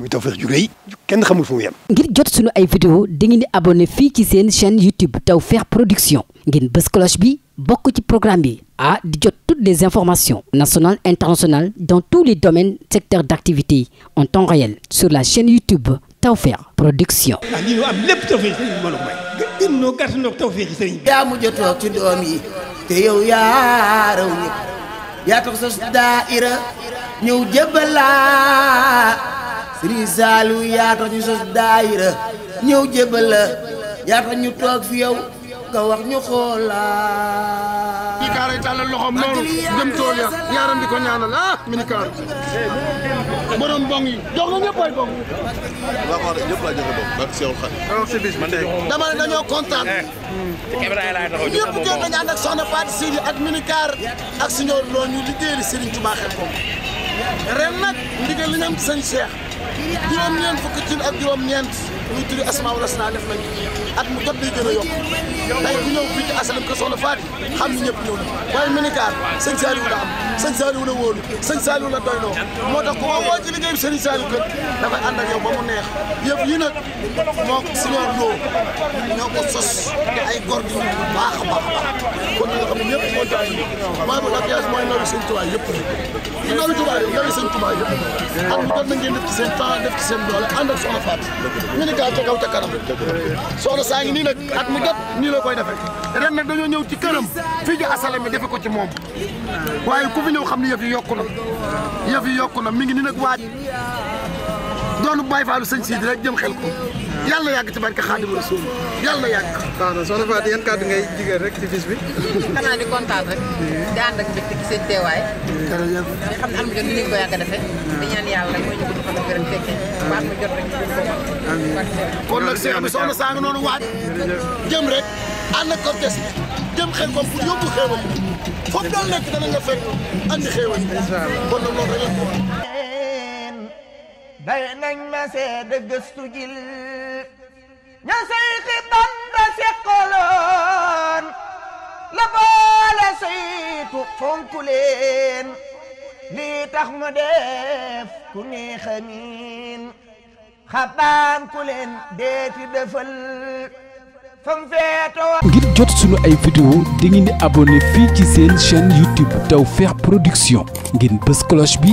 muy Tawfekh ju rëy kenn xamul fu mu yem. ngir jot sunu ay vidéo dangeen di abonné fii ci seen chaîne YouTube Tawfekh Production ngeen bës bi bokk ci programme bi ah di jot toutes les informations nationales internationales dans tous les domaines secteurs d'activité en temps réel sur la chaîne YouTube Tawfekh Production. ah lii ñu am lépp Tawfekh sëriñ bi ma la may. gën gën ñoo gàtt ñoo ak Tawfekh ci doom yi te yow yaa raw ñëpp yaa tax sa daayira ñëw jébbal laa. Sëriñ Saliou yaa tax ñu sos daayira ñëw jébal la ñu toog fi yow wax ñu xoolaa. mi kaar yi tàllal loxoom noonu dem tool ya ñaanal ah mini kaar borom bong na ñëpp ay bong. man de. dama na dañoo kontaan. ñëpp jot nañu ànd ak soxna Fatou Sidi ak mini kaar ak suñu loolu ñu liggéeyal Serigne Touba xel ko ren nag ndigal li ñu am sëñ juróom-ñeent fukki cin ak juróom-ñeent muy turi asmaawul husna def nañ at mu jot day gën a yokk tey ku ñëw fii ci asalam ko soxna Faati xam ni ñëpp ñëw na waaye Minicar sëñ Saliou la am sëñ Saliou la wóolu sëñ Saliou la doyloo moo tax ku ma woo ci liggéeyu sëñ Saliou kat dafay ànd ak yow ba mu neex yëpp yi nag moo ko siñoor loo ñoo ko sos te ay góor gi ñu baax a baax a baax kon waaye bu mariage mooy nawi seen tubaay yëpp rek nawi tubaay nawi seen tubaay yëpp at mu jot na ngeen def ci seen temps def ci seen doole ànd ak soxna Fatou ñu ni kaa ca kaw ca kanam ci këram fii ji asale mi defe ko ci moom waaye ku fi ñëw xam ni yëf yi yokku na yëf yi yokku na mi ngi ni doonu Baye Fallou sëñ Sidi rek jëm xel ko yàlla yàgg ci barke Xaadimu Rasuul yàlla yàgg. waaw non soxna Fatou yan kàddu ngay jigéen rek ci bis bi. xanaa di kontaan rek. di ànd ak mbégte ci seen teewaay. jërëjëf di xam ne am jot ni ñu ko yàgg a defee. di ñaan yàlla rek mooy ñu gudd fan ak gërëm fekkee. baax mu jot rek ñu ko moom. kon nag sëñ bi soxna saa nga noonu waaj. jëm rek ànd ak cortège bi jëm xel ko pour yóbbu xéewal foofu daal nekk dana nga fekk andi xéewal kon nag loolu rek la day nañ ma seede gëstu jil ña Seyxi Bamba seqaloon la boole saytu fonk leen lii tax mu def ku ne xamiin xabaan ku leen deeti defal fam feetoo ngir jot sunu ay vidéo di ngeen di abonné fii ci seen chaîne YouTube Tawfekh Production ngeen bës cloche bi